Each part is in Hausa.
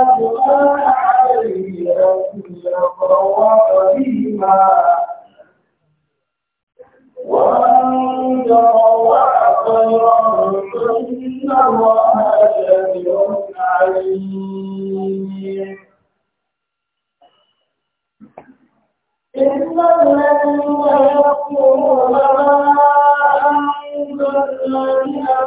جناح عليه أن يطوف بهما وأن تطوع خيرا فإن الله شاكر عليم إن الذين يكفرون ما أنزل أنزلنا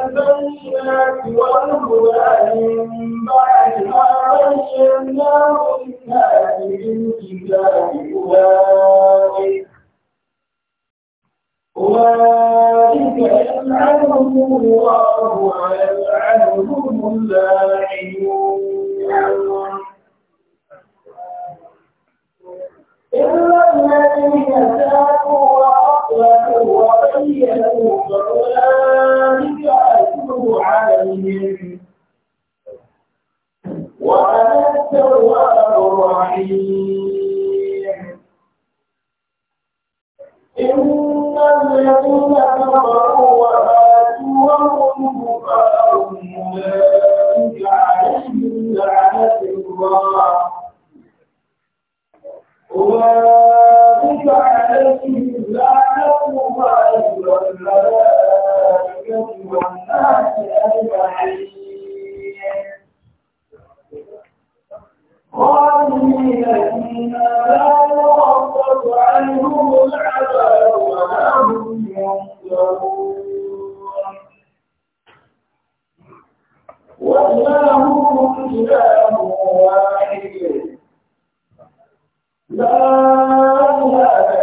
البينات والهدى من بعد ما بيناه للناس في الكتاب أولئك أولئك يلعنهم الله ويلعنهم اللاعنون إلا الذين تابوا وأصلحوا تبين لهم فأولئك أتوب عليهم وأنا التواب الرحيم إن الذين كفروا وماتوا وهم كفار أولئك عليهم لعنة الله أولئك عليهم لعنة لا إله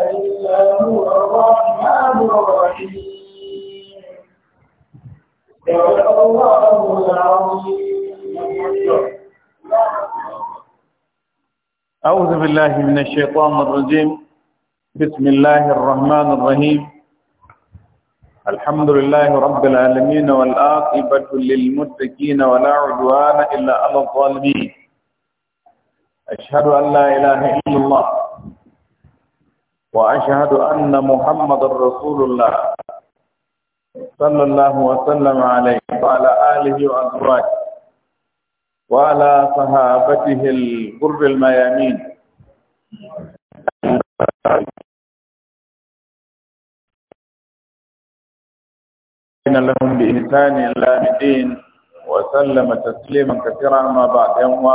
إلا هو الله أعوذ بالله من الشيطان الرجيم بسم الله الرحمن الرحيم الحمد لله رب العالمين والآقبة للمتقين ولا عدوان إلا على الظالمين أشهد أن لا إله إلا الله وأشهد أن محمد رسول الله صلى الله وسلم عليه وعلى آله وأزواجه وعلى صحابته القرب الميامين ان لهم بإنسان لا الدين وسلم تسليما كثيرا ما بعد يوم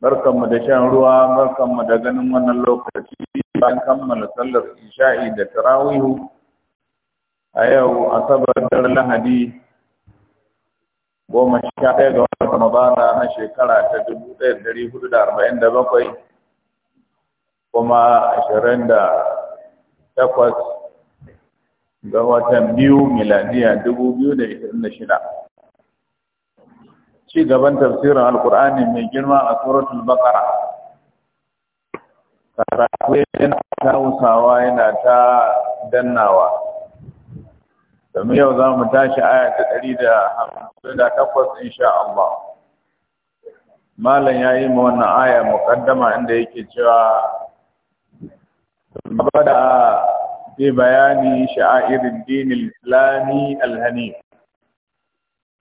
barkanmu da shan ruwa barkanmu da ganin wannan lokaci bayan kammala sallar isha'i da tarawihu a yau asabar dar lahadi goma sha ɗaya ga wata ramadana na shekara ta dubu ɗaya dari hudu da arba'in da bakwai kuma ashirin da takwas ga watan biyu miladiya dubu biyu da ishirin da shida ci gaban tafsirin alkur'ani mai girma a suratul baqara karatu yana ta hausawa yana ta dannawa domin yau za mu tashi aya ta ɗari da hamsin da takwas insha Allah malam ya yi ma wannan aya muƙaddama inda yake cewa bada fi bayani sha'irin dinil islami alhanif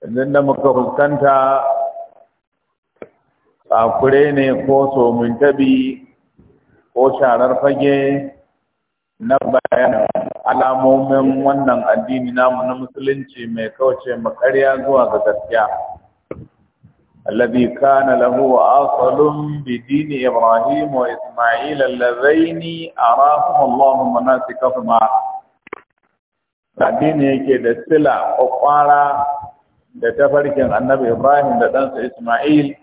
idan da muka fuskanta tsakure ne ko somin tabi ko sharar fage na bayanan alamomin wannan addini namu na musulunci mai kauce makarya zuwa ga gaskiya alladhi kana lahu asalun bi dini ibrahim wa isma'il allazaini arahum allah manasikahuma addini yake da sila ƙwaƙwara da tafarkin annabi Ibrahim da ɗansa Ismail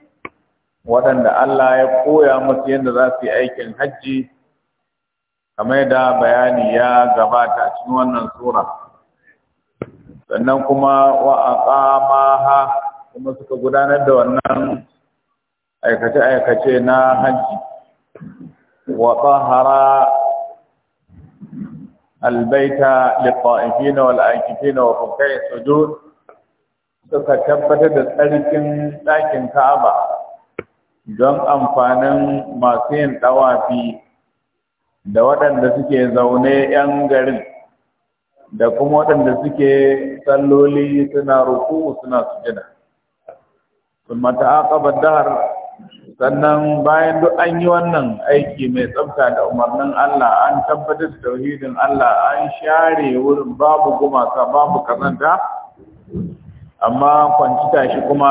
waɗanda Allah ya koya musu yadda za su yi aikin hajji kamar da bayani ya gabata cikin wannan sura sannan kuma wa ha kuma suka gudanar da wannan aikace-aikace na hajji wa tahara albaita lit wal-aakifina wa rukai sujud suka tabbatar da tsarkin ɗakin Ka'aba don amfanin masu yin ɗawafi da waɗanda suke zaune 'yan garin da kuma waɗanda suke salloli suna ruku suna su jina Sun mata aƙabar dahar sannan bayan duk an yi wannan aiki mai tsabta da umarnin Allah an tabbatar da tauhidin Allah an share wurin babu gumaka babu kazanta amma kwanci tashi kuma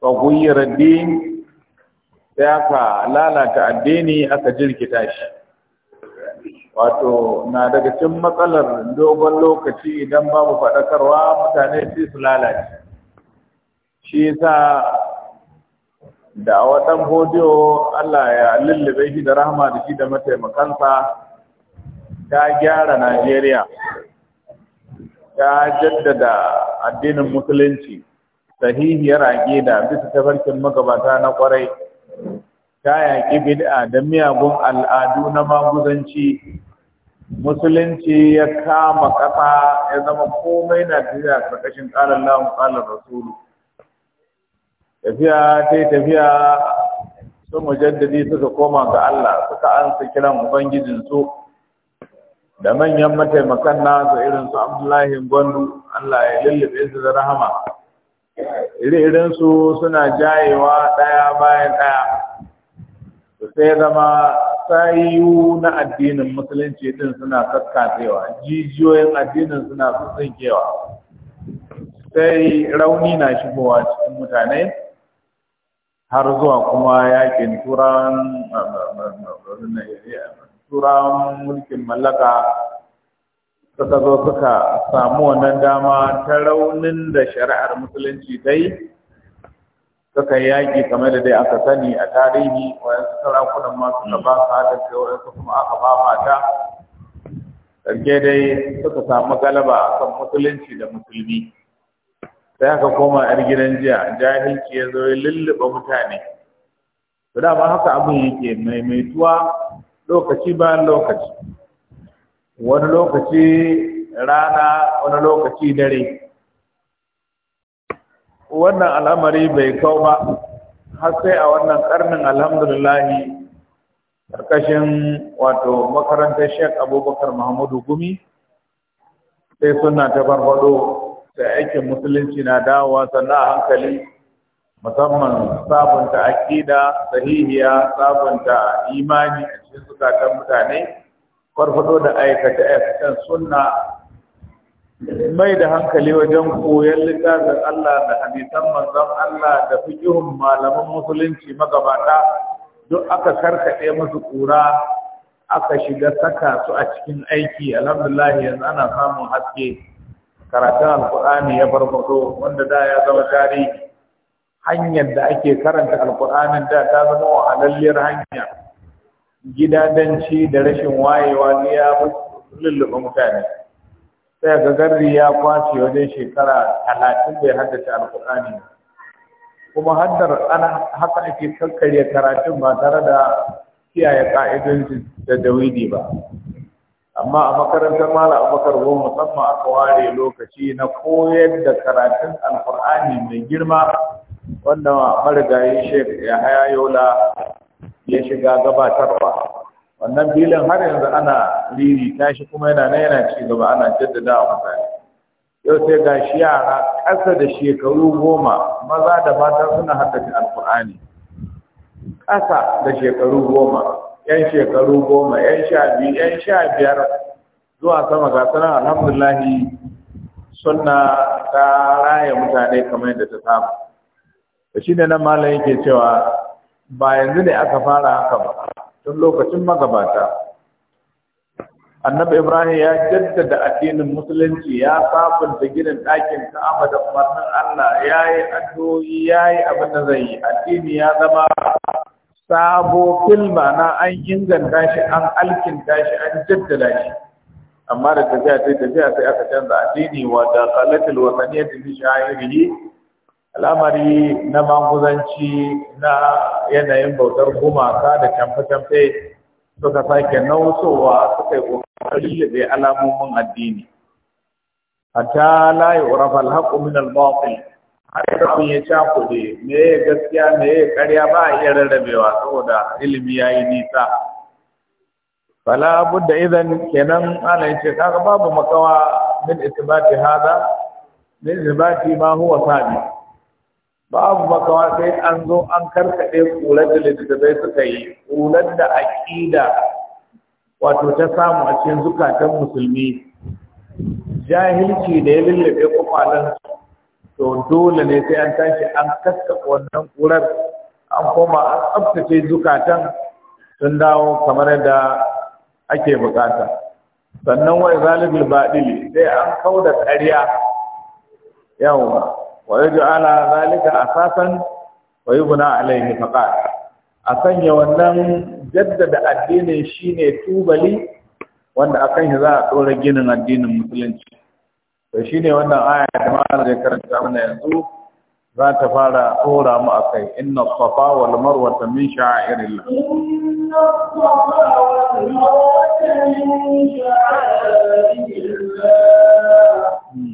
faguyar din sai aka lalata addini aka jirkita shi wato na daga cin matsalar dogon lokaci idan babu faɗakarwa mutane sai su lalace shi yasa da watan hodiyo Allah ya lullube shi da rahama da shi da mataimakansa ta gyara Najeriya ta jaddada addinin musulunci sahihiyar aqida bisa tafarkin magabata na kwarai ta yaƙi bid'a da miyagun al'adu na maguzanci musulunci ya kama ƙasa ya zama komai na tafiya ƙarƙashin ƙalar lamun ƙalar rasulu tafiya ta tafiya sun mujaddadi suka koma ga Allah suka ansa kiran ubangijinsu da manyan mataimakan nasu irin su Abdullahi Gwandu Allah ya lullube su da rahama iri-irin su suna jayewa ɗaya bayan ɗaya su sai zama sayu na addinin musulunci din suna kaskatewa jijiyoyin addinin suna tsinkewa sai rauni na shigowa cikin mutane har zuwa kuma yakin turan turawan mulkin mallaka suka zo suka samu wannan dama ta raunin da shari'ar musulunci ta yi suka yaƙi kamar da dai aka sani a tarihi wayan wayansu sarakunan ma suka ba su haɗin kai su kuma aka ba mata ƙarke dai suka samu galaba a kan musulunci da musulmi sai aka koma yar gidan jiya jahilci ya zo ya lulluɓa mutane to dama haka abin yake maimaituwa lokaci bayan lokaci wani lokaci rana wani lokaci dare wannan al'amari bai kau ba har sai a wannan karnin alhamdulillahi Karkashin wato makarantar sheikh abubakar Mahmudu gumi sai suna ta farfado da aikin musulunci na dawowa sannan a hankali musamman sabunta aƙida sahihiya sabunta imani a cikin zukatan mutane farfado da aikata aikacen sunna mai da hankali wajen koyon littafin Allah da hadisan manzon Allah da fikihun malaman musulunci magabata duk aka karkaɗe musu kura aka shiga saka su a cikin aiki alhamdulillah yanzu ana samun haske karatun alkur'ani ya farfado wanda da ya zama tarihi hanyar da ake karanta alkur'anin da ta zama wahalalliyar hanya gidadanci da rashin wayewa ne ya lulluɓa mutane sai ga garri ya kwace wajen shekara talatin bai haddace alkur'ani kuma haddar ana haka ake kakkarya karatun ba tare da kiyaye ka'idun da dawidi ba amma a makarantar mala abubakar ko musamman aka ware lokaci na koyar da karatun alkur'ani mai girma wannan marigayi shek ya haya yola ya shiga gabatarwa wannan filin har yanzu ana riri tashi kuma yana na yana ci gaba ana jaddada a mutane yau sai ga shi yara ƙasa da shekaru goma maza da mata suna haddace alkur'ani ƙasa da shekaru goma yan shekaru goma yan sha biyu yan sha biyar zuwa sama ga sanar alhamdulahi suna ta raya mutane kamar yadda ta samu da shi ne nan malam yake cewa ba yanzu ne aka fara haka ba tun lokacin magabata annabi ibrahim ya jaddada addinin musulunci ya sabunta ginin ɗakin ka'aba da umarnin allah ya yi addu'o'i ya yi abin da zai yi addini ya zama sabo filma na an inganta shi an alkinta shi an jaddada shi amma da tafiya sai tafiya sai aka canza addini wa da qalatul wataniyati fi yi al'amari na manguzanci na yanayin bautar gumaka da camfe-camfe suka sake nausowa suka yi ƙoƙarin liɓe alamomin addini hatta la yu'rafa min al-batil har kun ya kuɗi, me ya gaskiya me ya ƙarya ba a iya rarrabewa saboda ilimi ya yi nisa fala da idan kenan ana yace kaga babu makawa min isbati hada min isbati ma huwa sabi babu makawa sai an zo an karkaɗe kular da littattafai suka yi kular da aƙida wato ta samu a cikin zukatan musulmi jahilci da ya lullube kwakwalen to dole ne sai an tashi an kaskaɓa wannan kurar an koma an tsabtace zukatan sun dawo kamar yadda ake bukata sannan wai zalibul baɗili sai an kauda ƙarya yawa wa ala zalika asasan wa yubna alayhi faqat a sanya wannan jaddada addinin shine tubali wanda akan shi za a dora ginin addinin musulunci to shine wannan aya da malam zai karanta mana yanzu za ta fara dora mu akai inna safa wal marwa min sha'irillah inna safa wal marwa min sha'irillah hmm.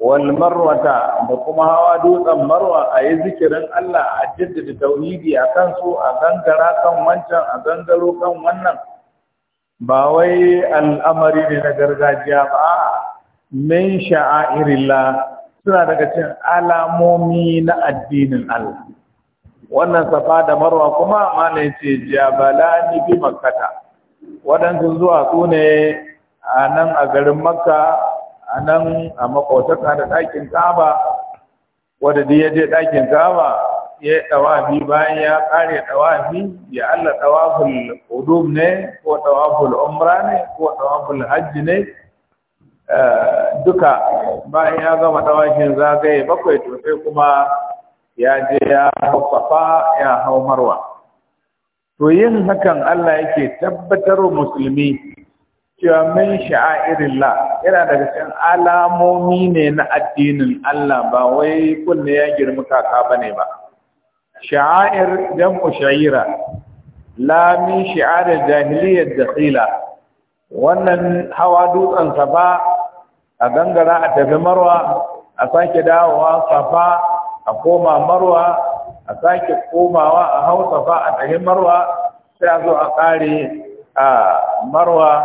wal marwata da kuma hawa dutsen marwa a yi zikirin Allah a jaddada tauhidi a kan su a gangara kan wancan a gangaro kan wannan ba wai al'amari ne na gargajiya ba min sha'airillah suna daga cin alamomi na addinin Allah wannan safa da marwa kuma ne ce ni bi makkata waɗansu zuwa su ne a nan a garin makka a nan a makotaka da ɗakin kaba wadda ya je ɗakin kaba ya yi ɗawafi bayan ya ƙare ɗawafi ya Allah ɗawaful hudum ne ko ɗawaful umra ne ko ɗawaful hajji ne eh, duka bayan ya gama ɗawafin zagaye bakwai to sai kuma ya je ya hau ya hau marwa to yin hakan Allah yake tabbatar musulmi cewa min La yana daga cikin alamomi ne na addinin Allah ba wai kunne ya girma kaka bane ba sha'air jam'u sha'ira la min da jahiliyar dakhila wannan hawa dutsen safa a gangara a tafi marwa a sake dawowa safa a koma marwa a sake komawa a hau safa a tafi marwa sai a zo a kare a marwa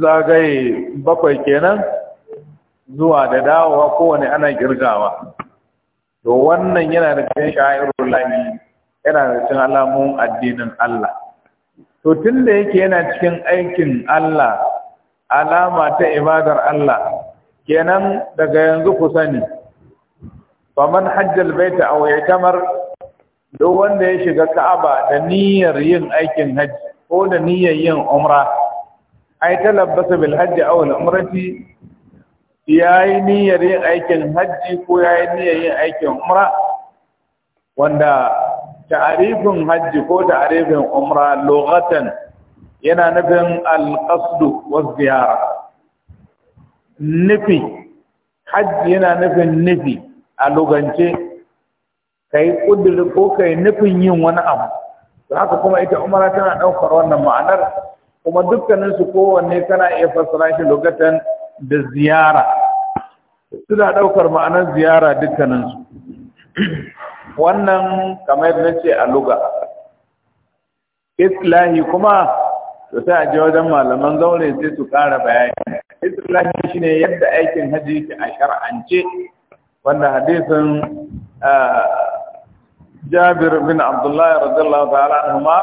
zagaye bakwai kenan zuwa da dawowa kowane ana girgawa to wannan yana da cikin sha'irul lahi yana da cikin alamun addinin Allah to tunda yake yana cikin aikin Allah alama ta ibadar Allah kenan daga yanzu ku sani faman hajjal baita aw yatamar duk wanda ya shiga Ka'aba da niyyar yin aikin hajji ko da niyyar yin umra ai talabbasa bil hajji aw al umrati yayi niyyar yin aikin hajji ko yayi niyyar yin aikin umra wanda ta'arifin hajji ko ta'arifin umra lughatan yana nufin al-qasd wa ziyara nufi hajji yana nufin nufi a lugance kai kudur ko kai nufin yin wani abu haka kuma ita umara tana ɗaukar wannan ma'anar kuma dukkanin su kowanne kana iya fassara shi lokacin da ziyara suna ɗaukar ma'anar ziyara dukkanin su wannan kamar yadda ce a luga islahi kuma to sai a je wajen malaman zaure sai su kara bayani islahi shine yadda aikin haji ke a shar'ance wanda hadisin ah, Jabir bin Abdullah radiyallahu ta'ala ma.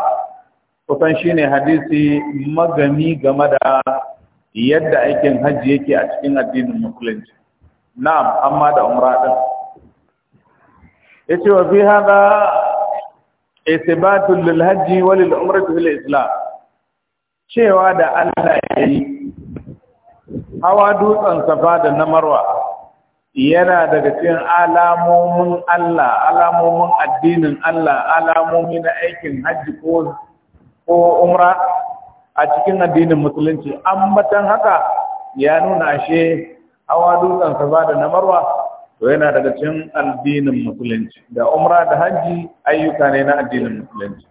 kusan ne hadisi magani game da yadda aikin hajji yake a cikin addinin musulunci na'am amma da umra din yace wa fi hada isbatu lil hajji wa lil umrati fil islam cewa da Allah ya yi. hawa dutsen safa da na marwa yana daga cikin alamomin Allah alamomin addinin Allah alamomin aikin hajji ko ko umra a cikin addinin musulunci ambatan haka ya nuna ashe hawa dutsen safa da namarwa. marwa to yana daga cikin addinin musulunci da umra da hajji ayyuka ne na addinin musulunci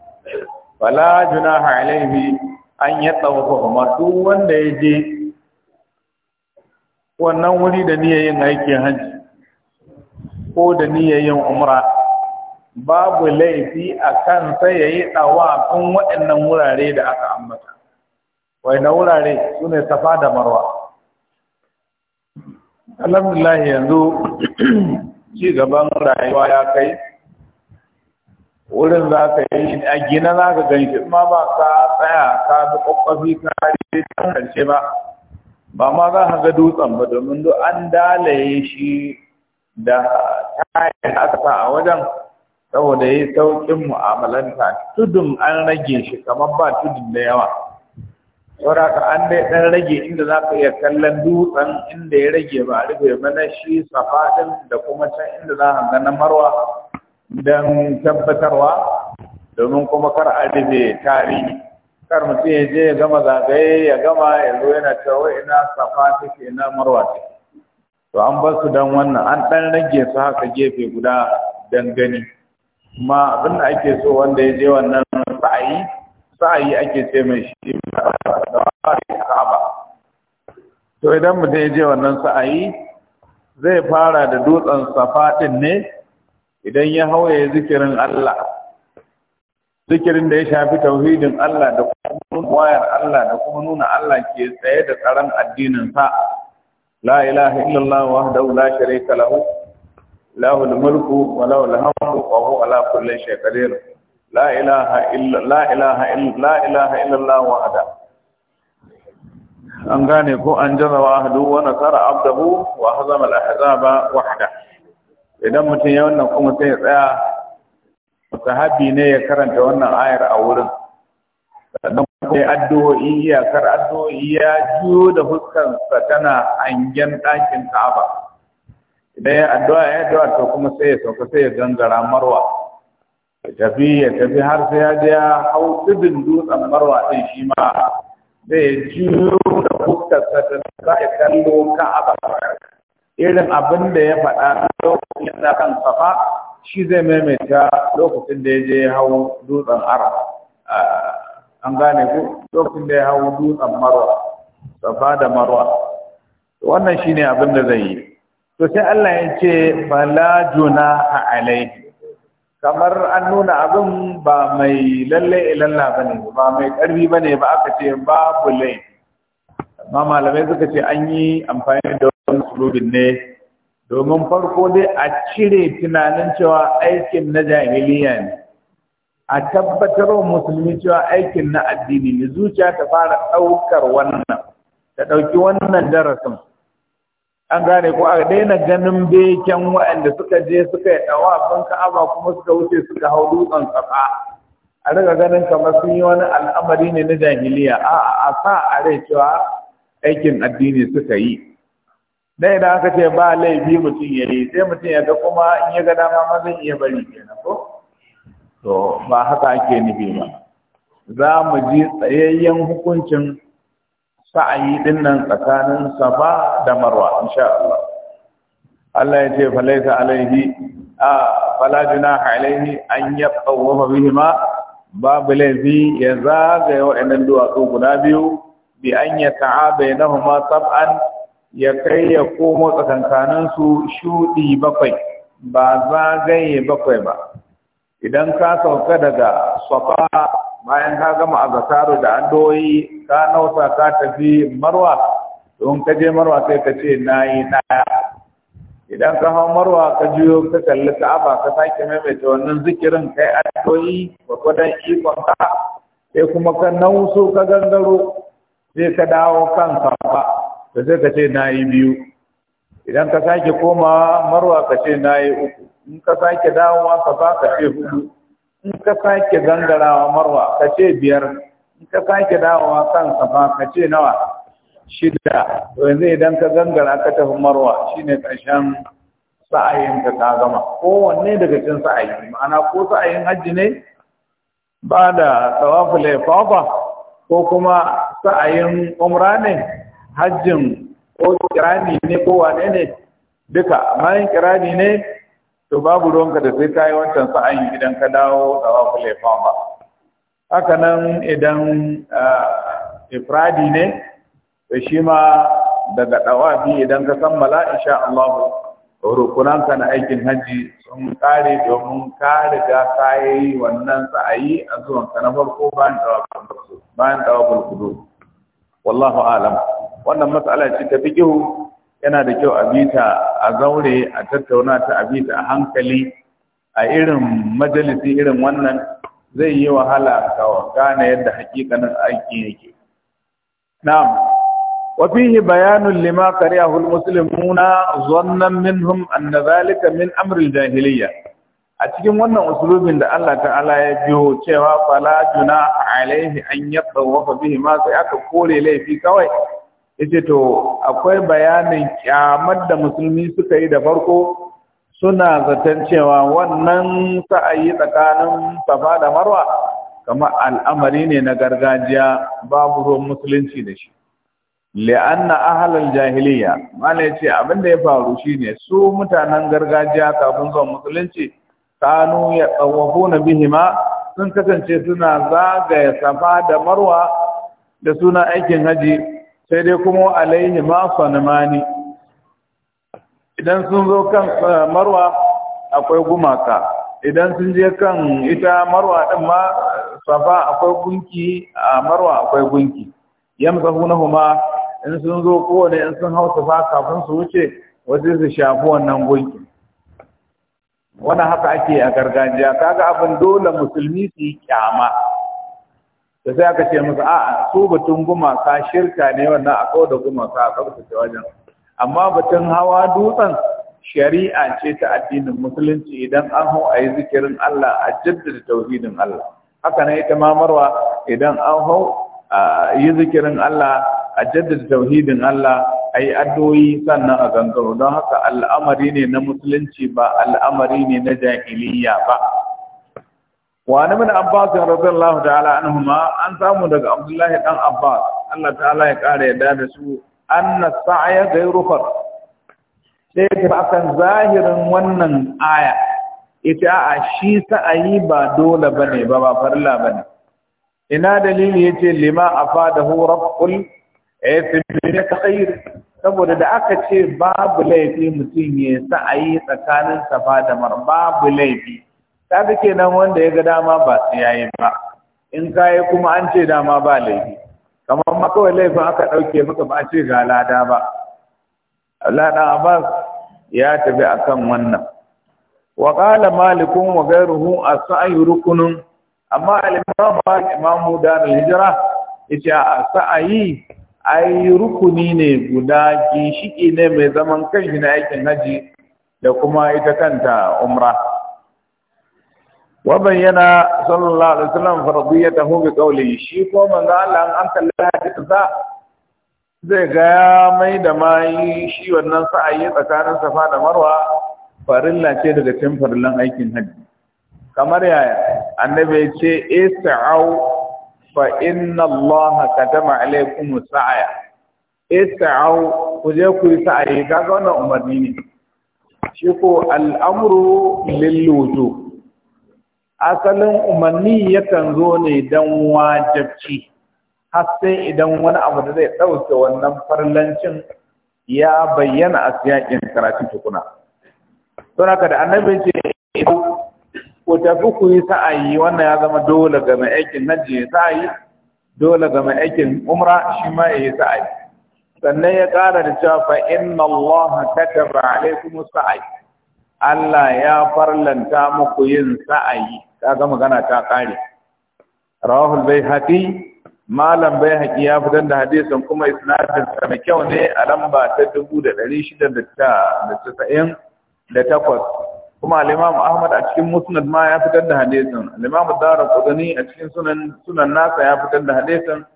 fala junaha alaihi an ya kuma duk wanda ya je wannan wuri da niyyar yin aikin hajji ko da niyyar yin umra babu laifi a kan sai ya yi ɗawafin waɗannan wurare da aka ambata na wurare su ne safa da marwa alhamdulillah yanzu ci gaban rayuwa ya kai wurin za ka yi a gina za ka gani shi ma ba ka tsaya ka bi ƙwaƙwafi ka rage can karshe ba ba ma za ka ga dutsen ba domin duk an dalaye shi da tayar aka sa a wajen saboda yi saukin mu'amalanta tudun an rage shi kamar ba tudun da yawa saboda ka an dai dan rage inda za ka iya kallon dutsen inda ya rage ba rufe ba na shi safadin da kuma can inda za a gana marwa don tabbatarwa domin kuma kar a rufe tarihi kar mutum ya je ya gama zagaye ya gama ya zo yana cewa ina safa take ina marwa take to an bar su dan wannan an ɗan rage su haka gefe guda dan gani ma abinda ake so wanda ya je wannan sa'ayi sa'ayi ake ce mai shi da ka'aba to idan mutum ya je wannan sa'ayi zai fara da dutsen safa din ne idan ya hauye zikirin Allah zikirin da ya shafi tauhidin Allah da kuma wayar Allah da kuma nuna Allah ke tsaye da tsaron addinin sa la ilaha illallah wahdahu la sharika lahu له الملك وله الحمد وهو على كل شيء قدير لا إله إلا لا إله إلا لا إله إلا الله وحده an gane ko an jaza wa ahadu wa nasara abdahu wa hazama al-ahzaba wahda idan mutum ya wannan kuma sai ya tsaya sahabi ne ya karanta wannan ayar a wurin sannan kuma addu'o'i iyakar addu'o'i ya jiyo da fuskar sa tana hangen ɗakin Ka'aba idan ya addu'a ya addu'a to kuma sai ya sauka sai ya gangara marwa ya tafi ya tafi har sai ya je ya hau tsibin dutsen marwa din shi ma zai jiro da fuskarsa ta sa ya kallo ka'aba irin abin da ya faɗa lokacin sa kan safa shi zai maimaita lokacin da ya je ya hau dutsen ara. an gane ku lokacin da ya hau dutsen marwa safa da marwa wannan shine abin da zai yi to sai Allah ya ce bala juna a alaihi kamar an nuna abin ba mai lalle ilalla bane ba mai karfi bane ba aka ce babu laifi amma malamai suka ce an yi amfani da wani sulubin ne domin farko dai a cire tunanin cewa aikin na jahiliya ne a tabbatar wa musulmi cewa aikin na addini ne zuciya ta fara ɗaukar wannan ta ɗauki wannan darasin an gane ko a daina ganin beken waɗanda suka je suka yi ɗawafin ka'aba kuma suka wuce suka hau dutsen tsaka a daga ganin kamar sun yi wani al'amari ne na jahiliya a a sa a rai cewa aikin addini suka yi dan idan aka ce ba laifi mutum ya yi sai mutum ya ga kuma in ya ga dama ma zan iya bari kenan ko to ba haka ake nufi ba za mu ji tsayayyen hukuncin sa'ayi din nan tsakanin safa da marwa insha Allah Allah ya ce falaita alaihi a fala alaihi an yatawwafa bihima babu laifi ya zagaye waɗannan duwatsu guda biyu bi an ya ta'a bainahuma tab'an ya kai ya komo su shuɗi bakwai ba zagaye bakwai ba idan ka sauka daga safa bayan ka gama azkaru da addu'o'i ka nausa ka tafi marwa don ka je marwa sai ka ce na yi daya idan ka hau marwa ka juyo ka kalli ka'aba ka sake maimaita wannan zikirin kai addu'o'i gwagwadon ikon ka sai kuma ka nauso ka gangaro sai ka dawo kan kafa da sai ka ce na yi biyu idan ka sake komawa marwa ka ce na yi uku in ka sake dawowa ka ka ce hudu in ka sake gangarawa marwa ka ce biyar in ka sake dawowa kan safa ka ce nawa shida to yanzu idan ka gangara ka tafi marwa shine ƙarshen sa'ayin ka ka gama kowanne daga cin sa'ayi ma'ana ko sa'ayin hajji ne ba da tawaful laifafa ko kuma sa'ayin umra ne hajjin ko kirani ne ko wane ne duka bayan kirani ne to babu ruwanka da sai kayi wancan sa'ayin idan ka dawo tsawa kula ba haka nan idan ifradi ne da shi ma daga ɗawafi idan ka kammala insha Allah rukunanka na aikin hajji sun kare domin ka riga ka wannan sa'ayi a zuwanka na farko bayan ɗawafin kudu wallahu alam wannan matsala ce ta ihu. yana da kyau a bita a zaure a tattauna ta a bita a hankali a irin majalisi irin wannan zai yi wahala ka gane yadda hakikanin aiki yake na'am wa fihi bayanun lima qari'ahul muslimuna zannan minhum an Zalika min amri jahiliyya a cikin wannan usulubin da Allah ta'ala ya biyo cewa fala juna alaihi an yatawafa bihi ma sai aka kore laifi kawai yace to akwai bayanin kyamar da musulmi suka yi da farko suna zaton cewa wannan sa'ayi tsakanin safa da marwa kamar al'amari ne na gargajiya babu ruwan musulunci da shi li'anna ahlal jahiliya mala yace abin da ya faru shine su mutanen gargajiya kafin zuwa musulunci kanu ya tsawafuna bihima sun kasance suna zagaya safa da marwa da suna aikin haji sai dai kuma alaihi ma sanmani idan sun zo kan eh, marwa akwai gumaka idan sun je kan ita marwa din ma safa akwai gunki a marwa akwai gunki yamsahunahuma in sun zo kowane in sun hau safa kafin su wuce wasu su shafi wannan gunki wannan haka ake a gargajiya kaga abin dole musulmi su yi kyama da sai aka ce masa a'a su batun gumaka shirka ne wannan a kawo da gumaka a tsabtace wajen amma batun hawa dutsen shari'a ce ta addinin musulunci idan an hau a yi zikirin Allah a jaddada tauhidin Allah haka ne ita ma idan an hau a yi zikirin Allah a jaddada tauhidin Allah a yi addu'o'i sannan a gangaro don haka al'amari ne na musulunci ba al'amari ne na jahiliya ba wa ni min abbas radiyallahu ta'ala ma. an samu daga abdullahi dan abbas Allah ta'ala ya kare yadda da su anna sa'ya ghayru far sai ta akan zahirin wannan aya ita a shi sa'ayi ba dole bane ba ba farilla bane ina dalili yace lima hu rabbul ayyati eh, khair saboda da aka ce babu laifi mutum ya sa'ayi tsakanin safa da mar babu laifi kaga kenan wanda ya ga dama ba sai yayi ba in yi kuma an ce dama ba laifi kamar ma kawai laifin aka ɗauke maka ba a ce ga lada ba lada abbas ya tafi akan wannan wa qala malikun wa ghayruhu as-sa'i rukunun amma al-imam imam dar al-hijra yace as ai rukuni ne guda ginshiki ne mai zaman kanshi na aikin haji da kuma ita kanta umra وبين صلى الله عليه وسلم فرضيته بقوله shi ko manzo Allah an kalle hadisi zai ga mai da mai shi wannan sa'ayi tsakanin Safa da Marwa farilla ce daga cikin farillan aikin hajji kamar yaya annabi ya ce ista'au fa inna Allah kadama alaikum sa'aya ista'au ku je ku yi sa'ayi ga wannan umarni ne shi ko al'amru lil wujub asalin umarni yakan zo ne don wajabci har sai idan wani abu da zai ɗauke wannan farlancin ya bayyana a siyakin karatu tukuna Suna ka da annabi ce ku tafi ku yi sa'ayi wannan ya zama dole ga mai aikin hajji ya sa'ayi dole ga mai aikin umra shi ma ya yi sa'ayi sannan ya ƙara da cewa fa inna allaha kataba alaikum sa'ayi Allah ya farlanta muku yin sa'ayi kaga magana ta kare rawahul baihaqi malam haki ya fitar da hadisin kuma isnadin sa mai kyau ne a lamba ta 1698 kuma al-imam Ahmad a cikin musnad ma ya fitar da hadisin al-imam Darqutni a cikin sunan sunan nasa ya fitar da hadisin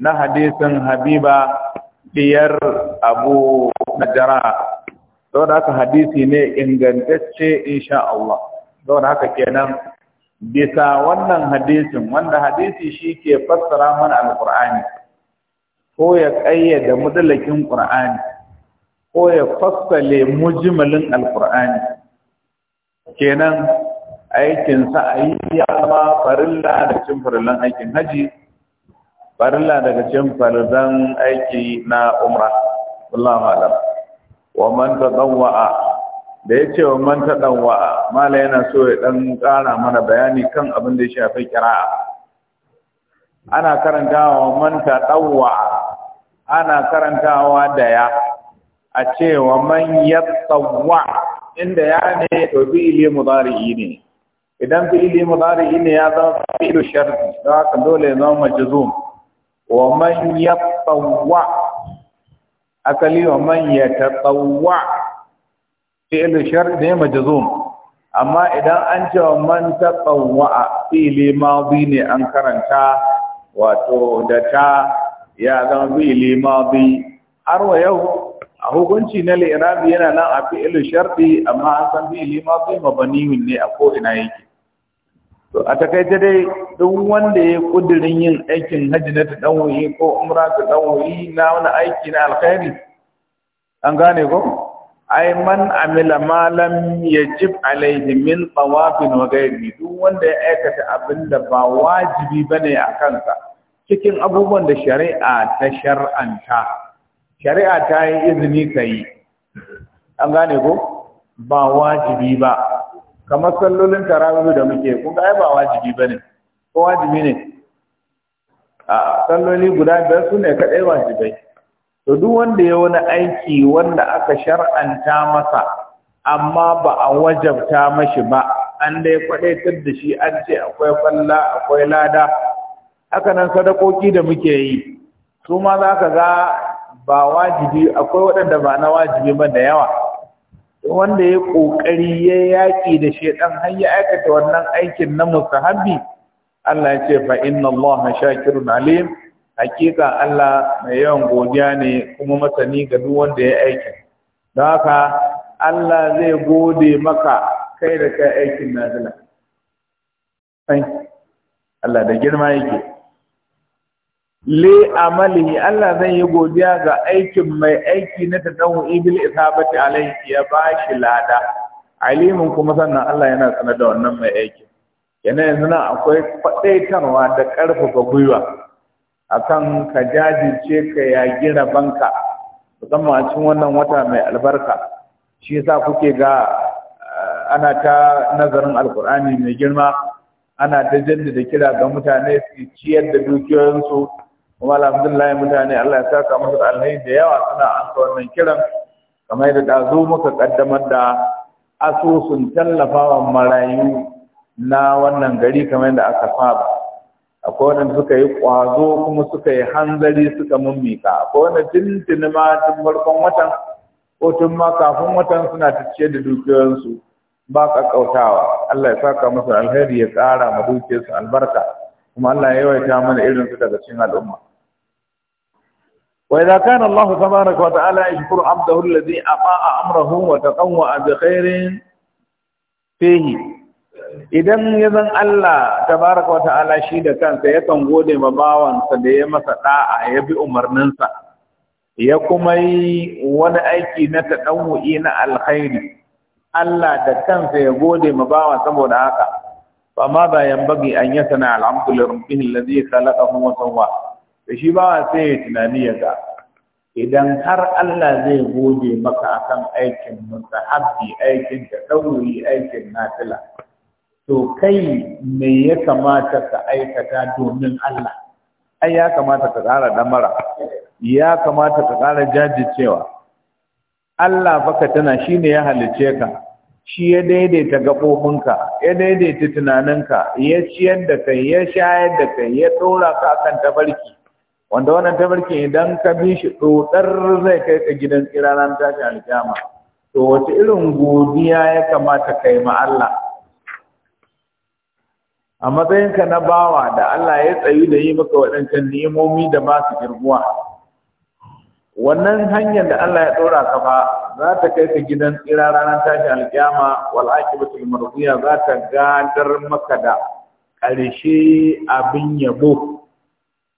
na hadisin Habiba biyar Abu Najara saboda haka hadisi ne ingantacce insha Allah saboda haka kenan bisa wannan hadisin wanda hadisi shi ke fassara mana alqur'ani ko ya kayyade mudallakin qur'ani ko ya fassale mujmalin alqur'ani kenan aikin sa ayi ya ba farilla da cin farillan aikin haji farilla daga cin farzan aiki na umra wallahu a'lam wa man tadawwa da ya ce wa man tadawwa mala yana so ya dan ƙara mana bayani kan abin da ya shafi kira'a ana karantawa wa man tadawwa ana karantawa da ya a ce wa man yatawwa inda ya ne to ilmi mudari'i ne idan ilmi mudari'i ne ya zama fi'ilu sharti da haka dole ya zama majzum wa man yatawwa asali wa man ya tatawwa fi'il shar ne majzum amma idan an ce wa man tatawwa fi'il madi ne an karanta wato da ta ya zama fi'il madi har wa yau a hukunci na lirabi yana nan a fi'il sharti amma an san fi'il madi mabani ne a ko ina yake to a takaice dai duk wanda ya kudirin yin aikin hajji na tadawuyi ko umra tadawuyi na wani aiki na alkhairi an gane ko ai man amila ma lam yajib alaihi min tawafin wa ghairi duk wanda ya aikata abin da ba wajibi bane a kansa cikin abubuwan da shari'a ta shar'anta shari'a ta yi izini ka an gane ko ba wajibi ba kamar sallolin tarawihu da muke kun ga ai ba wajibi bane ko wajibi ne a salloli guda biyar su ne kadai wajibai to duk wanda ya wani aiki wanda aka shar'anta masa amma ba a wajabta mashi ba an dai kwadaitar da shi an ce akwai falla akwai lada haka nan sadakoki da muke yi su ma za ka ga ba wajibi akwai waɗanda ba na wajibi ba da yawa wanda ya kokari ya yaki da shedan har ya aikata wannan aikin na musahabi Allah ya ce fa inna Allah shakirun alim hakika Allah mai yawan godiya ne kuma masani ga duk wanda ya aikin don haka Allah zai gode maka kai da kai aikin nazila Allah da girma yake Le amalihi Allah zai yi godiya ga aikin mai aiki na tadawu ibil isabati alaihi ya bashi lada alimin kuma sannan Allah yana sanar da wannan mai aiki yana yanzu nan akwai kwadaitarwa da karfafa gwiwa akan ka jajirce ka yagi banka musamman a cikin wannan wata mai albarka shi yasa kuke ga eh, ana ta nazarin alkur'ani mai girma ana ta jaddada kira ga mutane su ciyar da dukiyoyinsu kuma alhamdulillah mutane Allah ya saka musu alhai da yawa suna ansa wannan kiran kamar yadda ɗazu muka kaddamar da asusun tallafawa marayu na wannan gari kamar yadda aka saba akwai wanda suka yi kwazo kuma suka yi hanzari suka mummika akwai wanda tuntuni ma tun farkon watan ko tun ma kafin watan suna ta ciye da dukiyoyinsu ba ƙaƙƙautawa Allah ya saka musu alheri ya ƙara ma dukiyarsu albarka kuma Allah ya yawaita mana irin su daga cikin al'umma وإذا كان الله تبارك وتعالى يشكر عبده الذي أطاع أمره وتطوع بخير فيه idan yanzu Allah tabaraka wa ta'ala shi da kansa yakan gode ma bawansa da ya masa da'a ya bi umarninsa ya kuma yi wani aiki na taɗawu'i na alkhairi Allah da kansa ya gode ma bawa saboda haka ba ma ba yambagi an yasana al'amdu lirabbihi alladhi khalaqahu wa sawwa da shi ba sai ya tunani ya ga idan har Allah zai gode maka akan aikin mutahabbi aikin da dauri aikin nafila to kai me ya kamata ka aikata domin Allah ai ya kamata ka ƙara damara ya kamata ka ƙara jajircewa Allah baka tana shine ya halice ka shi ya daidaita gaɓoɓinka ya daidaita tunaninka ya ciyar da kai ya shayar da kai ya ɗora ka akan tabarki wanda wannan tabarkin idan ka bi shi tsotsar zai kai ka gidan tsira tashi alkiyama to wace irin godiya ya kamata kai ma Allah a matsayinka na bawa da Allah ya tsayu da yi maka waɗancan ni'imomi da ba su girguwa wannan hanyar da Allah ya ɗora ka fa za ta kai ka gidan tsira ranar tashi alkiyama wal aqibatul marziya za ta gadar maka da ƙarshe abin yabo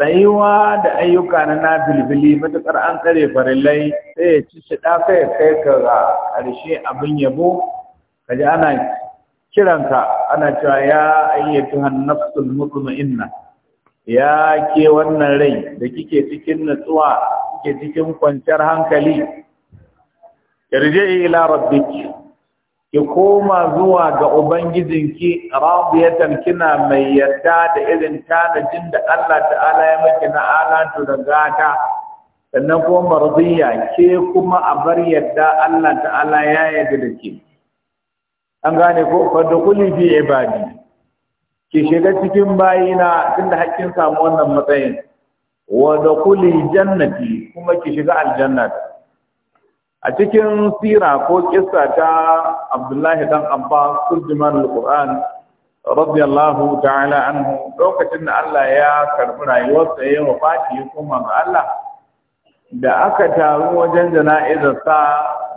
tsayuwa da ayyuka na bilbili, matuƙar an tsare farillai sai ya ci shi ɗafa ya kai ka ga ƙarshe abin yabo ka ji ana kiranka ana cewa ya ayyatu hannafsul mutmainna ya ke wannan rai da kike cikin natsuwa kike cikin kwanciyar hankali irji ila rabbiki ki koma zuwa ga ubangijinki rabiyatan kina mai yarda da irin tanajin da Allah ta'ala ya miki na alatu da gata sannan kuma marziya ke kuma a bar yadda Allah ta'ala ya yarda da ke an gane ko fadukuli fi ibadi ki shiga cikin bayina tunda hakkin samu wannan matsayin wa kuli jannati kuma ki shiga aljannata a cikin sira ko kissa ta abdullahi dan Abba, turjuman alquran radiyallahu ta'ala anhu lokacin da Allah ya karbi rayuwarsa ya wafati ya koma ga Allah da aka taru wajen jana'izar sa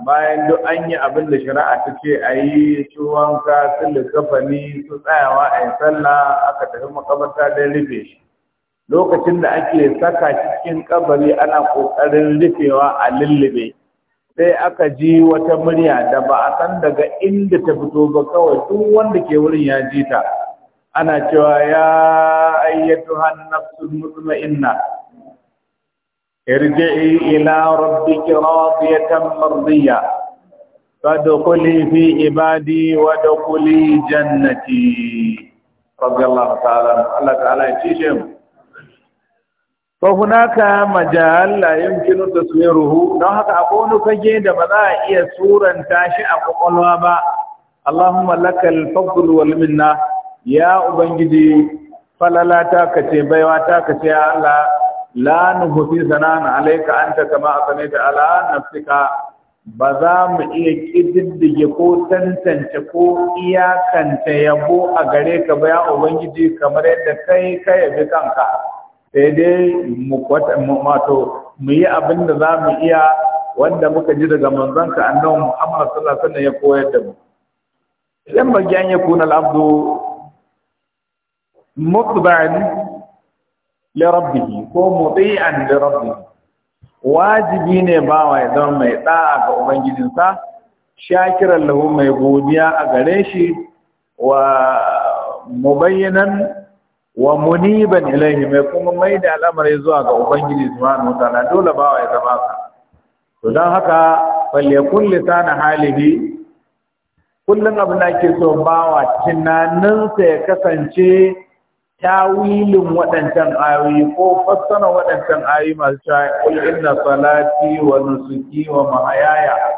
bayan duk an yi abin da shari'a ta ce a yi su su likafani su tsayawa a yi sallah aka tafi makabarta don rufe shi lokacin da ake saka cikin kabari ana ƙoƙarin rufewa a lullube sai aka ji wata murya da ba a san daga inda ta fito ba kawai duk wanda ke wurin ya ji ta ana cewa ya ayyatu hannafsul mutma'inna irji'i ila rabbiki radiyatan mardiya fadkhuli fi ibadi wa dkhuli jannati radiyallahu ta'ala Allah ta'ala ya ce shi fa hunaka majal la yumkinu tasmiruhu don haka akwai wani fage da ba za a iya suranta shi a kwakwalwa ba Allahumma lakal fadl wal minna ya ubangiji falala ta kace baiwa ta kace ya Allah la nuhsi sanan alayka anta kama asnaita ala nafsika ba za mu iya kididdige ko tantance ko iyakanta yabo a gare ka ba ya ubangiji kamar yadda kai ka yabi kanka sai dai mu kwata mato mu yi abin da za mu iya wanda muka ji daga ka annabi Muhammad sallallahu alaihi wasallam ya koyar da mu idan gyan ya kuna al-abdu mutba'an li rabbih ko muti'an li rabbih wajibi ne ba wai zama mai da'a ga ubangijinsa shakiran lahu mai godiya a gare shi wa mubayyanan wa muniban ilaihi mai kuma mai da al'amari zuwa ga ubangiji subhanahu wa ta'ala dole bawa ya zama ka to dan haka falyakun lisana halihi kullun abin da ake so bawa tunaninsa ya kasance tawilin waɗancan ayoyi ko fassara waɗancan ayoyi masu cewa inna salati wa nusuki wa mahayaya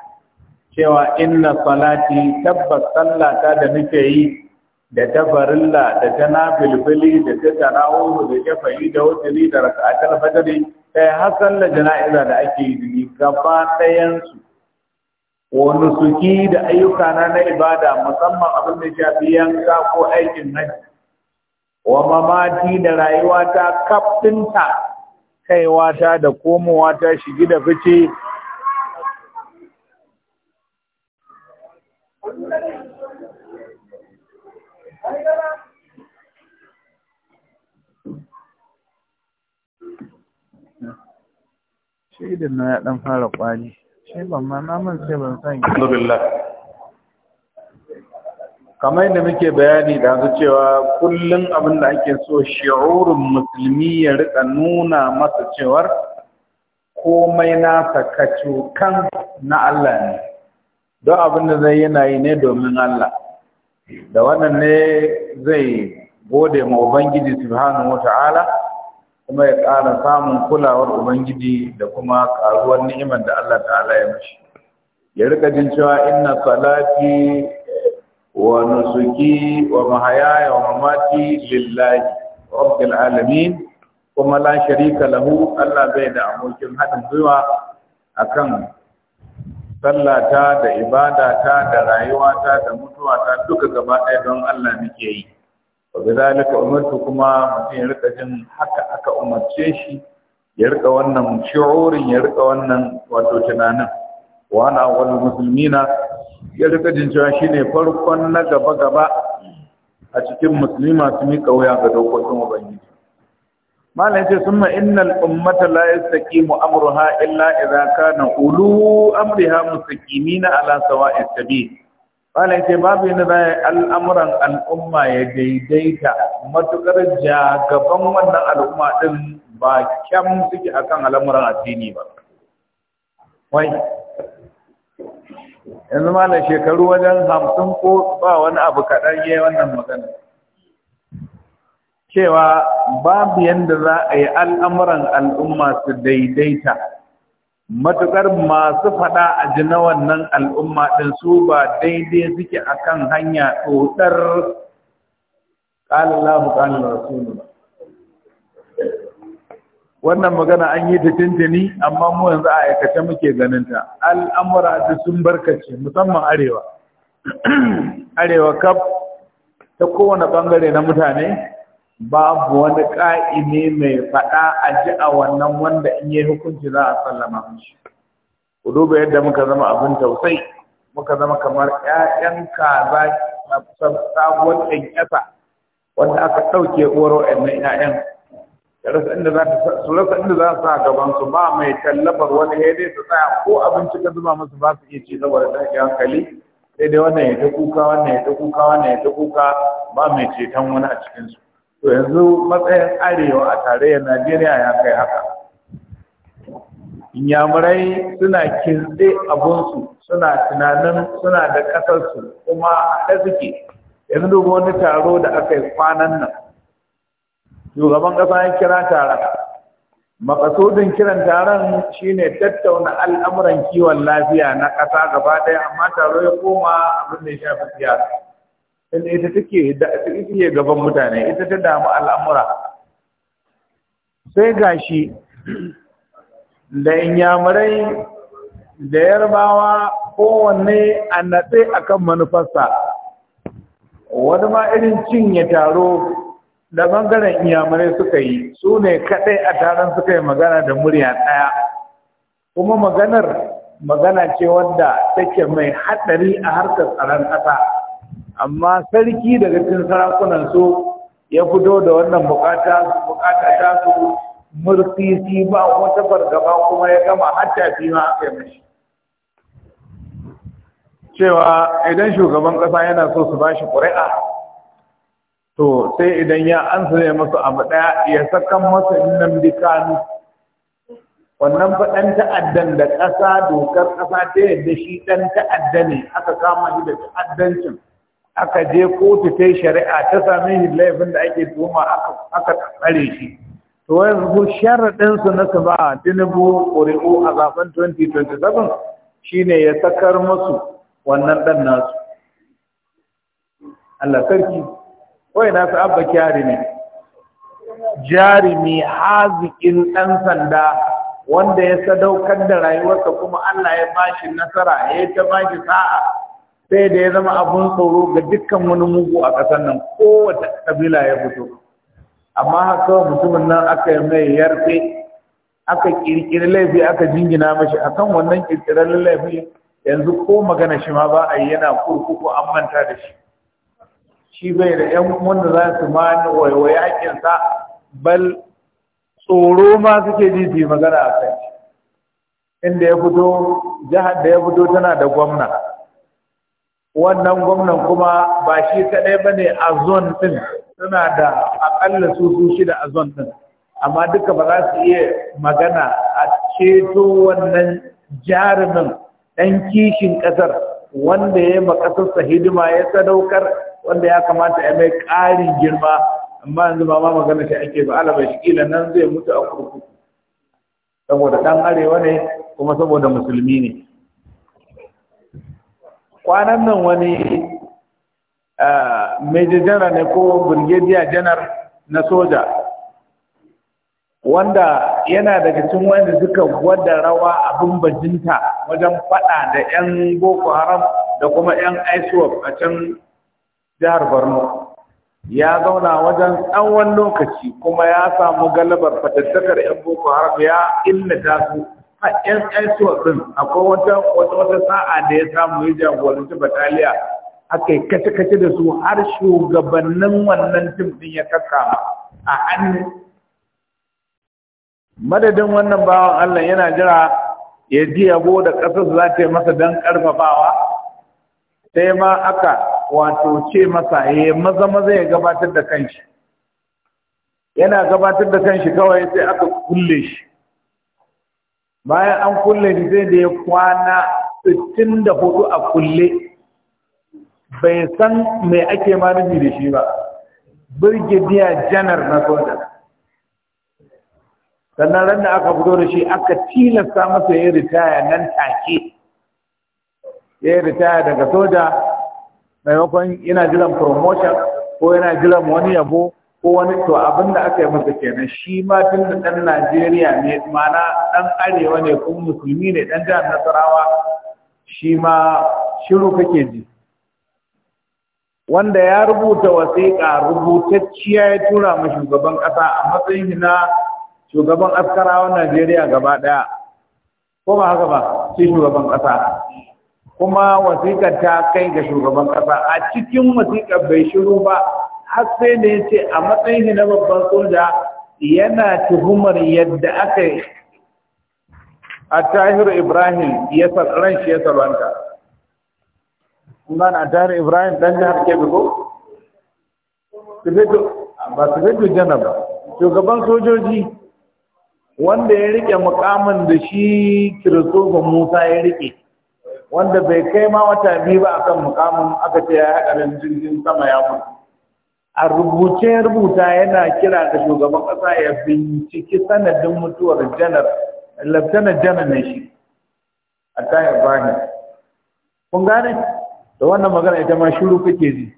cewa inna salati tabbas sallata da nake yi da ta farilla da ta nafilfili da ta da ta fayi da wuturi da raka'atul fajri kai hasan da jana'iza da ake yi gaba ɗayan wani suki da ayyuka na na ibada musamman abin da shafi yanka ko aikin hajji wa mamati da rayuwata kaiwa kaiwata da komowa ta shigi da fice Kamai da kamar yadda muke bayani da su cewa kullum abin da ake so shi'urun musulmi ya rika nuna masa cewar komai na sakacokan na Allah ne don abin da zai yana yi ne domin Allah da wannan ne zai gode ma Ubangiji subhanahu wata'ala kuma ya ƙara samun kulawar Ubangiji da kuma ƙaruwar ni'imar da Allah ta'ala ya mashi ya rika jin cewa inna salati wa nusuki wa mahayaya wa mamati lillahi rabbil alamin kuma la sharika lahu Allah bai da abokin haɗin a akan sallata da ibada ta, da rayuwata da mutuwata duka gaba ɗaya don Allah muke yi wa bidalika umartu kuma mutum ya rika jin haka aka umarce shi ya rika wannan shi'urin ya rika wannan wato tunanin wa ana wal muslimina ya rika jin cewa shine farkon na gaba gaba a cikin musulmi masu miƙa wuya ga dokokin ubangiji malam ce summa innal ummata la yastaqimu amruha illa idza kana ulu amriha mustaqimina ala sawa'is sabil malam ce babu yana da al'amuran al'umma ya daidaita matukar jagaban wannan al'umma din ba kyan suke akan al'amuran addini ba wai yanzu malam shekaru wajen hamsin ko ba wani abu kaɗan yayi wannan magana cewa babu yadda za a yi al'amuran al'umma su daidaita matuƙar masu faɗa a ji na wannan al'umma ɗin su ba daidai suke a kan hanya tsotar ƙalallahu ƙalin rasulu wannan magana an yi ta tintini amma mu yanzu a aikace muke ganinta al'amura da sun barkace musamman arewa arewa kaf ta kowane ɓangare na mutane babu wani ƙa'ime mai faɗa a ji a wannan wanda in yi hukunci za a sallama mishi ku duba yadda muka zama abin tausai muka zama kamar ƴaƴan kaza sabuwar ƙasa, wanda aka ɗauke uwar waɗannan ƴaƴan rasa sa'in za su rasa inda za su sa gaban su ba mai tallafar wani dai su tsaya ko abinci ka zuba musu ba su iya ci da ta hankali sai dai wannan ya ta kuka wannan ya ta kuka wannan ya ta kuka ba mai ceton wani a cikinsu to yanzu matsayin arewa a tarayyar najeriya ya kai haka inyamurai suna kintse abunsu suna tunanin suna da ƙasarsu kuma a suke yanzu wani taro da aka yi kwanan nan shugaban ƙasa ya kira taron makasudin kiran taron shine tattauna al'amuran kiwon lafiya na ƙasa gaba ɗaya amma taro ya koma abin da ya shafi siyasa inda ita take da ita ke gaban mutane ita ta damu al'amura sai gashi da inyamurai da yarbawa kowanne a natse akan manufarsa wani ma irin cin ya taro da bangaren inyamurai suka yi su ne kaɗai a taron suka yi magana da murya ɗaya kuma maganar magana ce wadda take mai haɗari a harkar tsaron ƙasa amma sarki daga cikin sarakunan su ya fito da wannan bukata bukata ta su shi ba wata fargaba kuma ya gama hatta fi ma aka yi mashi cewa idan shugaban kasa yana so su bashi ƙuri'a to sai idan ya ansa ne masu abu ɗaya ya sakan masa nan bikanu wannan faɗan ta'addan da ƙasa dokar ƙasa ta yadda shi ɗan ta'adda ne aka kama shi da ta'addancin aka je kotu ta shari'a ta sami shi laifin da ake tuhuma aka tsare shi to su sharaɗin su na ba tinubu ƙuri'u a zaben 2027 shine ya sakar musu wannan ɗan nasu Allah sarki kawai nasu abba kyari ne jarumi haziƙin ɗan sanda wanda ya sadaukar da rayuwarsa kuma Allah ya bashi nasara ya yi ta shi sa'a sai da ya zama abun tsoro ga dukkan wani mugu a ƙasar nan kowace ƙabila ya fito amma haka mutumin nan aka yi mai yarfe aka ƙirƙiri laifi aka jingina mashi akan wannan ƙirƙirar laifi yanzu ko magana shi ma ba a yi yana kurkuku an manta da shi shi bai da ƴan wanda za su ma waiwaye haƙƙinsa bal tsoro ma suke ji su yi magana a kai inda ya fito jihar da ya fito tana da gwamna wannan gwamnan kuma ba shi kaɗai ba ne a zon ɗin suna da aƙalla su su shida a zon ɗin amma duka ba za su iya magana a ceto wannan jarumin ɗan kishin ƙasar wanda ya yi ƙasarsa hidima ya sadaukar wanda ya kamata ya mai ƙarin girma amma yanzu ba ma magana shi ake ba alaba shi kila nan zai mutu a kurkuku saboda ɗan arewa ne kuma saboda musulmi ne kwanan nan wani major general ne ko brigadier general na soja wanda yana daga cikin wanda suka gwada rawa abin bajinta wajen fada da 'yan boko haram da kuma 'yan iswap a can jihar borno ya zauna wajen tsawon lokaci kuma ya samu galabar fatattakar 'yan boko haram ya illata su yan aisuwa din akwai wata sa'a da ya samu ya jagoranci bataliya aka yi kace-kace da su har shugabannin wannan tim ɗin ya kaka a hannu madadin wannan bawan Allah yana jira ya ji yabo da ƙasar za ta yi masa don ƙarfafawa sai ma aka wato ce masa ya eh, maza maza ya gabatar da kanshi yana gabatar da kanshi kawai sai aka kulle shi bayan an kulle ni zai da ya kwana sittin da 64 a kulle bai san mai ake ma nufi da shi ba birgidiya janar na soja sannan randa aka fito da shi aka tilasta masa ya ritaya nan take ya ritaya daga soja maimakon yana jiran promotion ko yana jiran wani yabo ko wani to abin da aka yi masa kenan shi ma tun da ɗan Najeriya ne mana ɗan arewa ne ko musulmi ne ɗan jihar Nasarawa shi ma shiru kake ji wanda ya rubuta wasiƙa rubutacciya ya tura ma shugaban ƙasa a matsayin na shugaban askarawa Najeriya gaba ɗaya ko ba haka ba shi shugaban ƙasa kuma wasiƙar ta kai ga shugaban ƙasa a cikin wasiƙar bai shiru ba har sai da ya ce a matsayin shi na babban soja yana tuhumar yadda aka yi a tahir ibrahim ya ran shi ya salwanta kuma na tahir ibrahim dan jihar kebe ko ba su fito jana ba shugaban sojoji wanda ya rike mukamin da shi kiristofin musa ya rike wanda bai kai ma wata biyu ba akan mukamin aka ce ya haɗa jirgin sama ya mutu a rubuce rubuta yana kira da shugaban kasa ya binciki sanadin mutuwar janar lantana janar na shi a tayar bani? kun gane da wannan magana ita ma shiru kake ji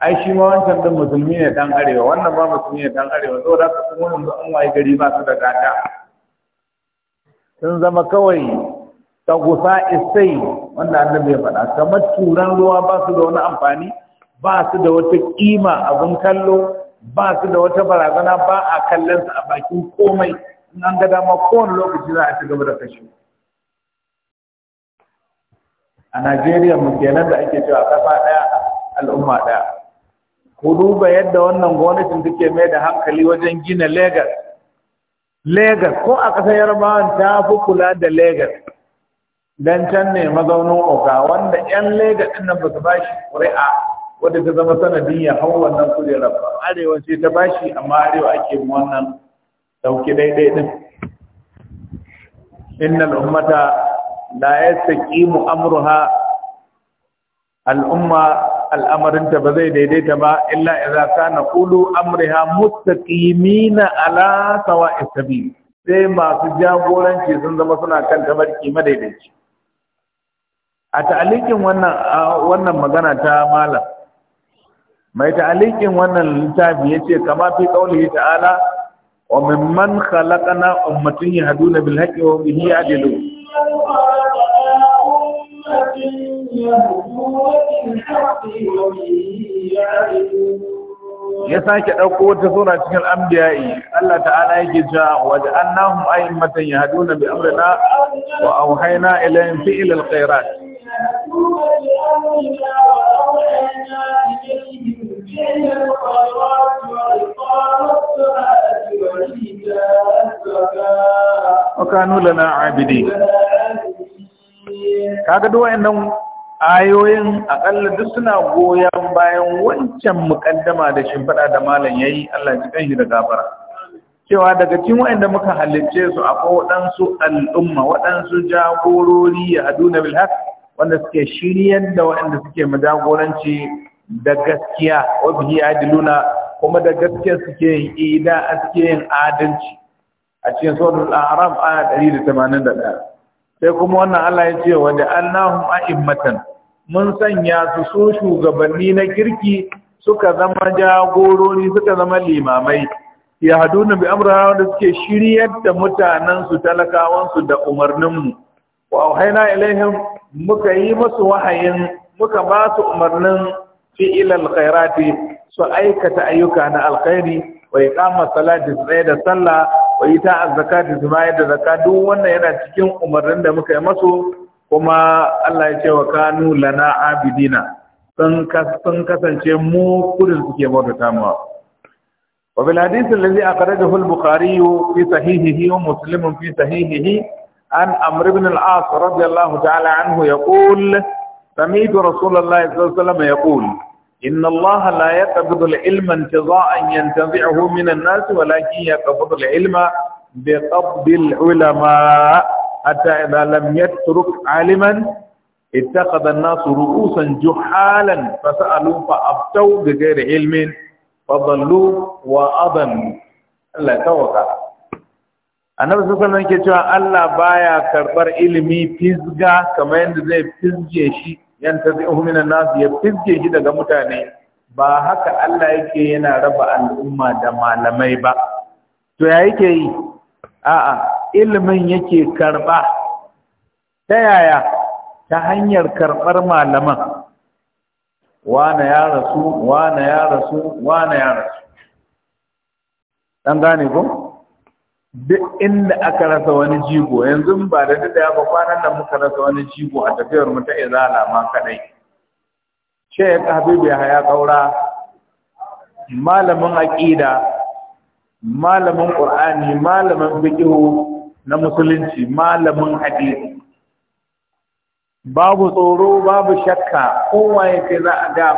ai shi ma wancan din musulmi ne dan arewa wannan ba musulmi ne dan arewa saboda haka kuma da an waye gari ba su da gata sun zama kawai ta gusa isai wanda annabi ya faɗa kamar turan ruwa ba su da wani amfani ba su da wata ƙima abin kallo ba su da wata barazana ba a kallon su a bakin komai in ga dama kowane lokaci za a ci gaba da kashe a Najeriya mu kenan da ake cewa kafa ɗaya al'umma ɗaya ku duba yadda wannan gwamnatin take mai da hankali wajen gina Legas. Legas ko a ƙasar yarbawa ta fi kula da Legas. Dan can ne mazaunin oga wanda 'yan Legas ɗin nan ba su ba shi ƙuri'a wadda ta zama sanadin ya hau wannan kujerar ba arewa ce ta bashi amma arewa ake wannan dauki daidai din innal ummata la yastaqimu amruha al'umma ta ba zai daidaita ba illa idza kana qulu amriha mustaqimina ala sawa'is sabil sai masu jagoranci sun zama suna kan tabarki madaidaici a ta'alikin wannan wannan magana ta malam mai ta'alikin wannan littafi ce kama fi qaulihi ta'ala wa mimman khalaqna ummatin yahduna bil haqqi wa bihi ya'dilun ya sake ɗauko wata sura cikin ambiyayi Allah ta'ala yake cewa waje annahum a'immatan yahduna bi amrina wa auhayna ilayhim fi'l al-khairat مكتوبا لأمرنا وأوحينا duk wayannan ayoyin akalla duk suna goyon bayan wancan mukaddama da shimfiɗa da malam ya yi Allah ya shi da gafara cewa daga cikin waanda muka halicce su akwai waɗansu al'umma waɗansu jagorori ya haduna bil wanda suke shiryar da waɗanda suke majagoranci da gaskiya wabihi adiluna kuma da gaskiya suke yin ida suke yin adalci a cikin suratul a'raf aya 181 sai kuma wannan Allah ya ce wa ja'alnahum a'immatan mun sanya su su shugabanni na kirki suka zama jagorori suka zama limamai ya haduna bi amra wanda suke shiryar da mutanen talakawansu, da umarninmu wa auhaina ilaihim muka yi masu wahayin muka basu umarnin fi'ilal khairati su aikata ayyuka na alkhairi wa iqama salati tsaye da sallah wa ita zakati zuma da zakat duk wannan yana cikin umarnin da muka yi masu kuma Allah ya ce wa kanu lana abidina sun kasance mu kudin suke bauta mu wa bil hadith alladhi akhrajahu al-bukhari fi sahihihi wa muslim fi sahihihi عن عمرو بن العاص رضي الله تعالى عنه يقول سمعت رسول الله صلى الله عليه وسلم يقول إن الله لا يقبض العلم انتظاء ينتزعه من الناس ولكن يقبض العلم بقبض العلماء حتى إذا لم يترك عالما اتخذ الناس رؤوسا جحالا فسألوا فأفتوا بغير علم فضلوا وأضلوا الله توقع annabi sallallahu alaihi ke cewa Allah baya karbar ilimi fizga kamar yadda zai fizge shi yan tazihu minan nas ya fizge shi daga mutane ba haka Allah yake yana raba al'umma da malamai ba to ya yake yi a'a ilimin yake karba ta yaya ta hanyar karbar malaman wane ya rasu wane ya rasu wane ya rasu dan gane ko duk inda aka rasa wani jigo yanzu ba da duk da ya kwanan da muka rasa wani jigo a tafiyar mu ta izala ma kadai sheikh habibu ya haya kaura malamin aqida malamin qur'ani malamin fiqhu na musulunci malamin hadisi babu tsoro babu shakka kowa yake za a ga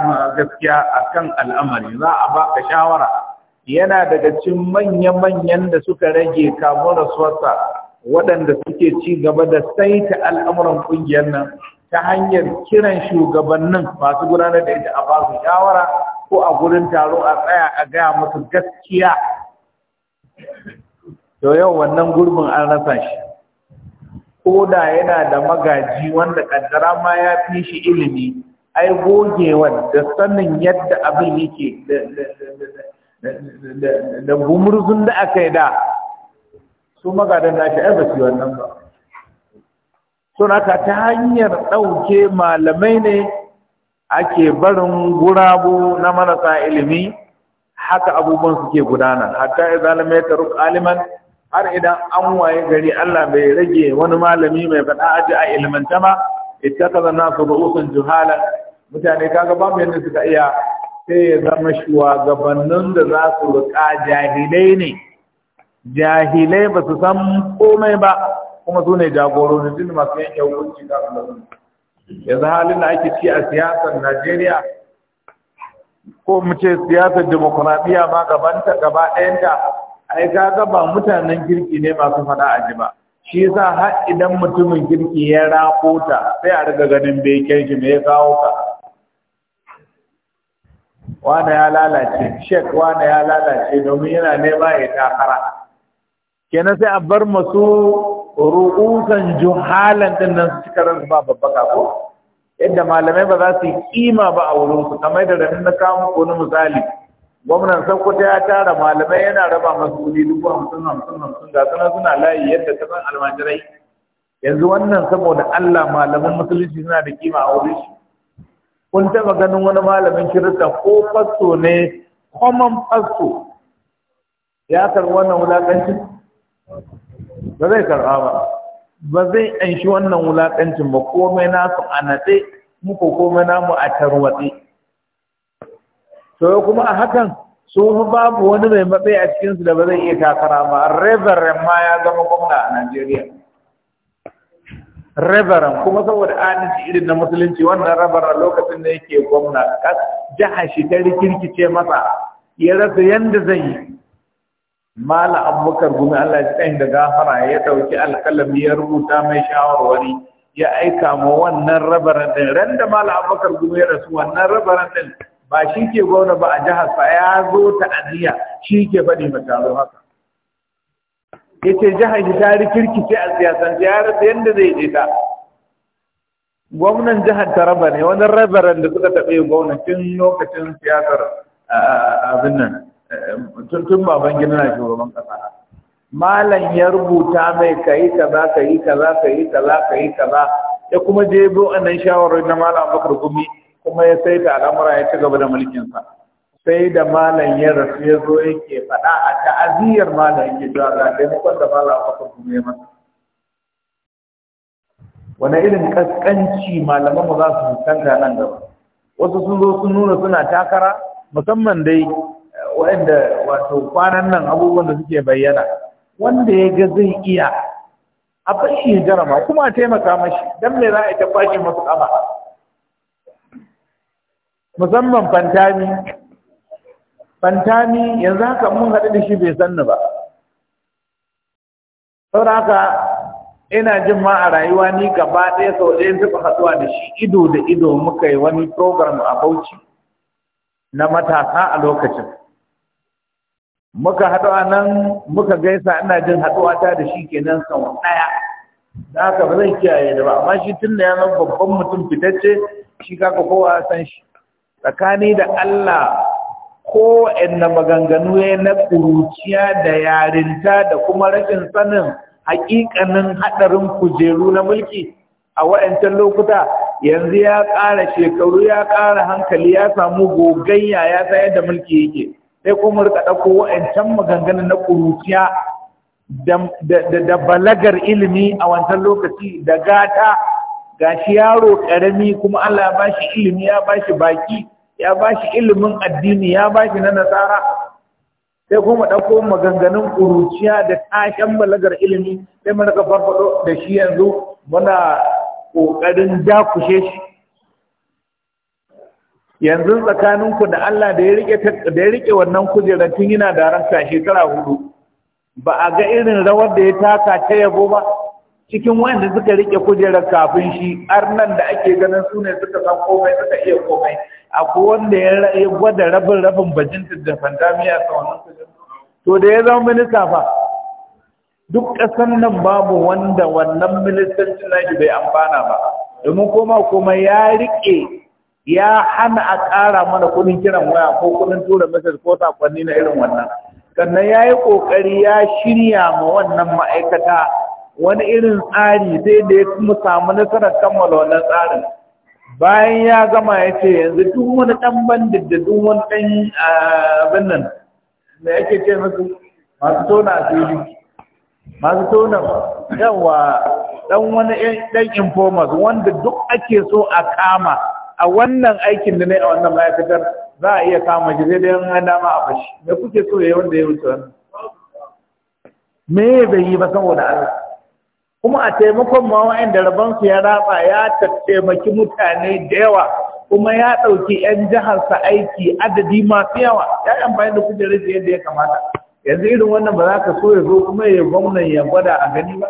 gaskiya akan al'amari za a baka shawara yana daga cikin manya-manyan da suka rage kamun rasuwarsa waɗanda suke ci gaba da saita al'amuran ƙungiyar nan ta hanyar kiran shugabannin masu gudanar da ita a basu shawara ko a gurin taro a tsaya a gaya musu gaskiya to yau wannan gurbin an rasa shi ko da yana da magaji wanda kaddara ma ya fi shi ilimi ai gogewa, da sanin yadda abin yake da gumurzun da aka yi da su magadan da ai ba su wannan ba sun ka ta hanyar ɗauke malamai ne ake barin gurabu na marasa ilimi haka abubuwan suke gudana hatta ya zalamai ta aliman har idan an waye gari Allah bai rage wani malami mai faɗa aji a ilimin ma ita ka zana su usun juhala mutane kaga babu yadda suka iya sai ya zama shugabannin da za su riƙa jahilai ne jahilai ba su san komai ba kuma su ne jagororin jini masu yanke hukunci ga da yanzu halin da ake ci a siyasar najeriya ko mu ce siyasar demokuraɗiyya ma gabanta gaba ɗayanta ai kaga ba mutanen kirki ne masu faɗa a ji ba shi yasa har idan mutumin kirki ya rakota sai a riga ganin bai kai shi me ya kawo ka wane ya lalace shek wane ya lalace domin yana nema ya takara kenan sai a bar masu ru'usan juhalan din nan su cika ba babba ko yadda malamai ba za su yi kima ba a wurin su kamar da da na kawo muku wani misali gwamnan sokoto ya tara malamai yana raba masu kuɗi dubu hamsin hamsin hamsin ga sana suna layi yadda ta san almajirai yanzu wannan saboda allah malaman musulunci suna da kima a wurin shi kun taba ganin wani malamin kirista ko fasto ne common fasto ya karɓi wannan wulaƙancin ba zai karɓa ba ba zai anshi wannan wulaƙancin ba komai nasu a natse muku komai namu a tarwatse to kuma a hakan su babu wani mai matsayi a cikinsu da ba zai iya takara ba reverend ma ya zama gwamna a najeriya rabaran kuma saboda adalci irin na musulunci wannan rabaran lokacin da yake gwamna kas jiha shi ta rikirkice masa ya rasa yanda zai yi mala abubakar gumi Allah ya tsayin da gafara ya ɗauki alƙalami ya rubuta mai shawarwari ya aika ma wannan rabaran din ran da mala abubakar gumi ya rasu wannan rabaran ɗin ba shi ke gwamna ba a jihar sa ya zo ta'aziyya shi ke faɗi mata haka Yace jihar shi ta rikirkice a siyasance ya rasa yadda zai je ta gwamnan jihar taraba ne wani rabaran da suka taɓe tun lokacin siyasar abin nan tun baban gina na shugaban ƙasa malam ya rubuta mai kayi kaza kayi kaza kai kaza kayi kaza ya kuma je bi wannan shawarar na malam bakar gumi kuma ya saita al'amura ya ci gaba da mulkinsa sai da malam ya rasu ya zo yake faɗa a ta'aziyar malam yake zuwa ga taimakon da malam aka kuma ya masa wani irin ƙasƙanci malaman mu za su fuskanta nan gaba wasu sun zo sun nuna suna takara musamman dai eh, waɗanda wato kwanan nan abubuwan da suke bayyana wanda ya ga zai iya a fashi ya jarama kuma a taimaka mashi don me za a yi ta masu kama musamman fantami fantami yanzu haka mun haɗu da shi bai sanni ba saboda haka ina jin ma a rayuwa ni gaba ɗaya sau ɗaya taɓa haɗuwa da shi ido da ido muka yi wani program a bauchi na matasa a lokacin muka haɗu a nan muka gaisa ina jin haɗuwa ta da shi kenan sau ɗaya da haka ba zan kiyaye da ba amma shi tun da ya zama babban mutum fitacce shi kaka kowa san shi tsakani da Allah ko inda maganganu ya na ƙuruciya da yarinta da kuma rashin sanin hakikanin haɗarin kujeru na mulki a wa'ancan lokuta yanzu ya ƙara shekaru ya ƙara hankali ya samu gogayya ya san da mulki yake sai kuma rika ɗauko wa'ancan maganganu na ƙuruciya da balagar ilimi a wancan lokaci da gata gashi yaro ƙarami kuma Allah ya bashi ilimi ya bashi baki ya bashi ilimin addini ya bashi na nasara sai kuma ɗauko maganganun ƙuruciya da tashen balagar ilimi sai mana ka farfaɗo da shi yanzu muna ƙoƙarin ja-kushe shi yanzu tsakaninku da Allah da ya rike wannan kujerar tun yana da ranka shekara hudu ba a ga irin rawar da ya taka ta yabo ba cikin wanda suka rike kujerar kafin shi arnan da ake ganin su ne suka san komai suka iya komai akwai wanda ya gwada rabin rabin bajinta da fantamiya a wannan to da ya zama minista fa duk ƙasan nan babu wanda wannan ministancin cinaki bai amfana ba domin koma kuma ya riƙe ya hana a ƙara mana kuɗin kiran waya ko kuɗin tura message ko sakonni na irin wannan sannan ya yi ƙoƙari ya shirya ma wannan ma'aikata wani irin tsari sai da ya samu nasarar kammala wannan tsarin bayan ya gama ya ce yanzu duk wani ɗan bandit da duk wani ɗan abin nan da yake ce masu masu tona a fili masu tona yawa ɗan wani ɗan informers wanda duk ake so a kama a wannan aikin da ne a wannan ma'aikatar za a iya kama shi sai dai an dama a fashi me kuke so ya yi wanda ya wuce wannan me bai yi ba saboda Allah kuma a taimakon ma wa'anda rabon su ya raba ya taimaki mutane da yawa kuma ya ɗauki 'yan jiharsa aiki adadi masu yawa ya yi amfani da kujerar da yadda ya kamata yanzu irin wannan ba za ka so ya zo kuma ya gwamnan ya gwada a gani ba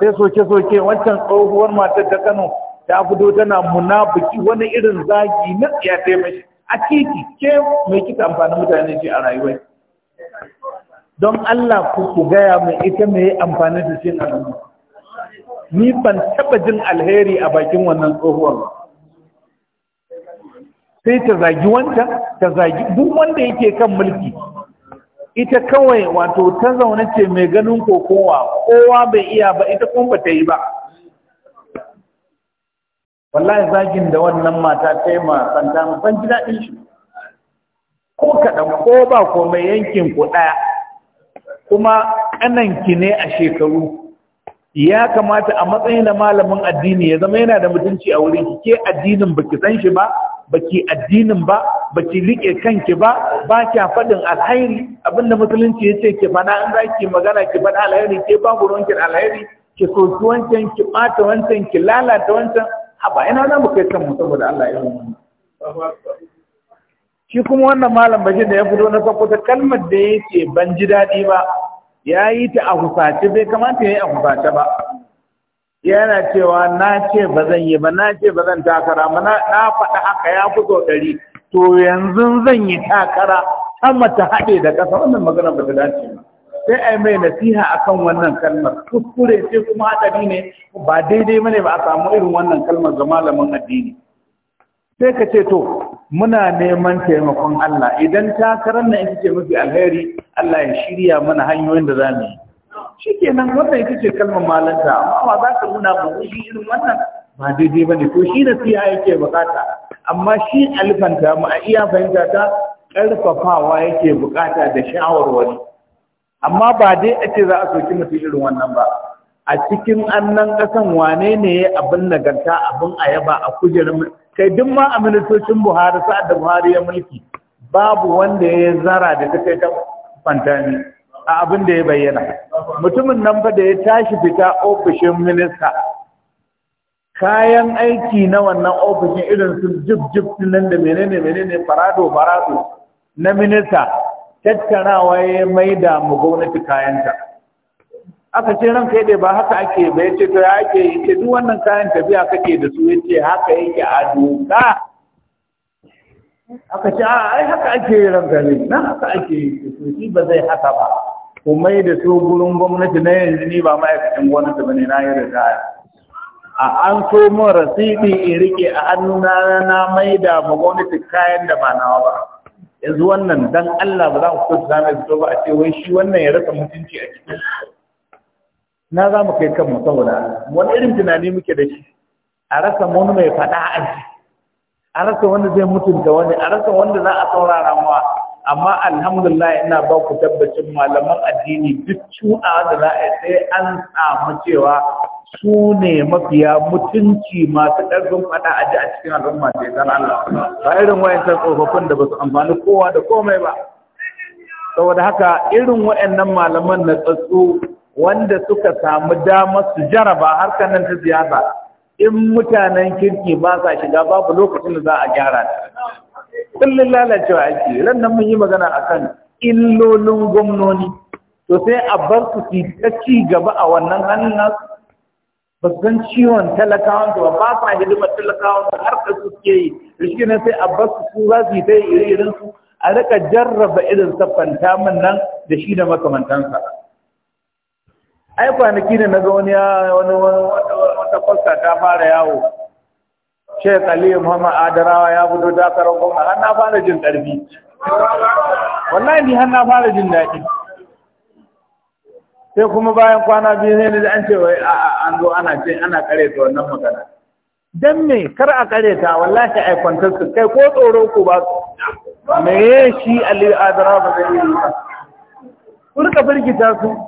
sai soke-soke wancan tsohuwar matar ta kano ta fito tana munafuki wani irin zagi na ya taimaki a titi ke mai kika amfani mutane ce a rayuwa don Allah ku ku gaya mai ita mai amfani da shi al'umma ni ban taba jin alheri a bakin wannan tsohuwar sai ta zagi wanta ta zagi duk wanda yake kan mulki ita kawai wato ta zaune ce mai ganin kokowa kowa bai iya ba ita kuma ba ta yi ba wallahi zagin da wannan mata ta yi masanta ban ji daɗin shi ko kaɗan ko ba ko mai yankin ku ɗaya kuma ƙananki ne a shekaru ya kamata a matsayin na malamin addini ya zama yana da mutunci a wurin ke addinin baki san shi ba baki addinin ba baki rike kanki ba ba kya faɗin alhairi abinda musulunci ya ce ki fana an za ki magana ki faɗa alhairi ke babu ki alhairi ki soki wancan ki ɓata wancan ki lalata wancan ba ina za mu kai kan mu saboda Allah ya yi shi kuma wannan malam bashir da ya fito na ta kalmar da ya ce ban ji daɗi ba ya yi ta a husace bai kamata ya yi a husace ba yana cewa na ce ba zan yi ba na ce ba zan takara ba na faɗa haka ya fito ɗari to yanzu zan yi takara sama ta haɗe da ƙasa wannan magana ba ta dace ba sai a yi mai nasiha a kan wannan kalmar kuskure sai kuma haɗari ne ba daidai ba ne ba a samu irin wannan kalmar ga malamin addini sai ka ce to muna neman taimakon Allah idan takarar nan ita ce mafi alheri Allah ya shirya mana hanyoyin da za mu yi shi nan wannan ita ce kalmar malanta amma ba za ka nuna ba shi irin wannan ba daidai ba ne to shi da siya yake bukata amma shi alfanta mu a iya fahimta ta ƙarfafawa yake bukata da shawarwari amma ba dai a ce za a soki mutum irin wannan ba a cikin annan ƙasan wane ne abin nagarta abin ayaba a kujerar kai duk ma a ministocin buhari sa'ad da buhari ya mulki babu wanda ya zara da ta kai ta fantani a abin da ya bayyana mutumin nan fa da ya tashi fita ofishin minista kayan aiki na wannan ofishin irin su jib jib nan da menene menene farado farado na minista tattarawa ya maida mu gwamnati kayanta aka ce kai dai ba haka ake ba ya ce to ya ake yi ce duk wannan kayan tafiya kake da su ya ce haka yake a doka aka ce a ai haka ake yi nan ne na haka ake yi to shi ba zai haka ba mai da su gurin gwamnati na yanzu ni ba ma'aikacin gwamnati ba ne na yi ritaya a an so min rasidi in rike a hannu na da ma gwamnati kayan da ba nawa ba yanzu wannan dan Allah ba za ku kusa na fito ba a ce wai shi wannan ya rasa mutunci a cikin na za mu kai kanmu saboda wani irin tunani muke da shi a rasa wani mai faɗa a ji a rasa wanda zai mutunta wani a rasa wanda za a saurara mawa amma alhamdulillah ina ba ku tabbacin malaman addini duk cu'a da za a sai an samu cewa su ne mafiya mutunci masu ɗarfin faɗa a ji a cikin al'umma da ya Allah ba irin wayancan tsofaffin da ba su amfani kowa da komai ba saboda haka irin wayannan malaman na tsatsu wanda suka samu damar su jaraba harkar nan ta siyasa in mutanen kirki ba sa shiga babu lokacin da za a gyara ta kullum lalacewa ake ran nan mun yi magana akan illolin gwamnoni to sai a bar su su ta ci gaba a wannan hannun nasu ba su san ciwon talakawan ba ba sa hidimar talakawan da har ka suke yi shi ne sai a bar su su za su yi ta irin su a rika jarraba irin saffanta min nan da shi da makamantansa ai kwanaki ne na ga wani wani wata kwasta ta fara yawo ce aliyu muhammad adarawa ya fito takarar goma har na fara jin ƙarfi wallahi ni har na fara jin daɗi sai kuma bayan kwana biyu ne da an ce wai an zo ana ce ana kare ta wannan magana dan me kar a kare ta wallahi ai kwantar su kai ko tsoro ku ba me shi aliyu adarawa ba zai yi ba kun ka firgita su